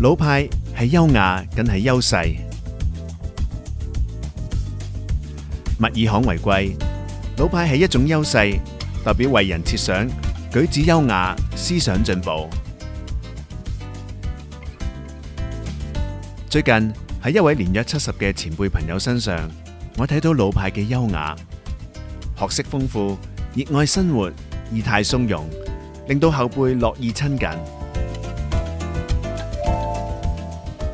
老派係優雅，更係優勢。物以罕為貴，老派係一種優勢，代表為人設想，舉止優雅，思想進步。最近喺一位年約七十嘅前輩朋友身上，我睇到老派嘅優雅，學識豐富，熱愛生活，意態從容，令到後輩樂意親近。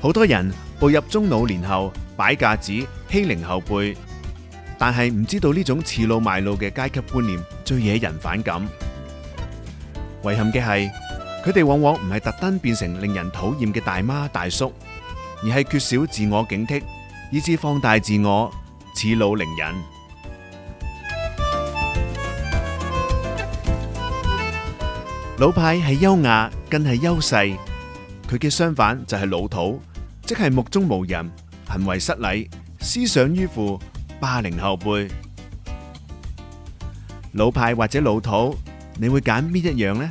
好多人步入中老年後擺架子欺凌後輩，但係唔知道呢種恃老賣老嘅階級觀念最惹人反感。遺憾嘅係，佢哋往往唔係特登變成令人討厭嘅大媽大叔，而係缺少自我警惕，以至放大自我，恃老凌人。老派係優雅，更係優勢。佢嘅相反就係老土。即係目中無人、行為失禮、思想迂腐、霸凌後輩。老派或者老土，你會揀邊一樣呢？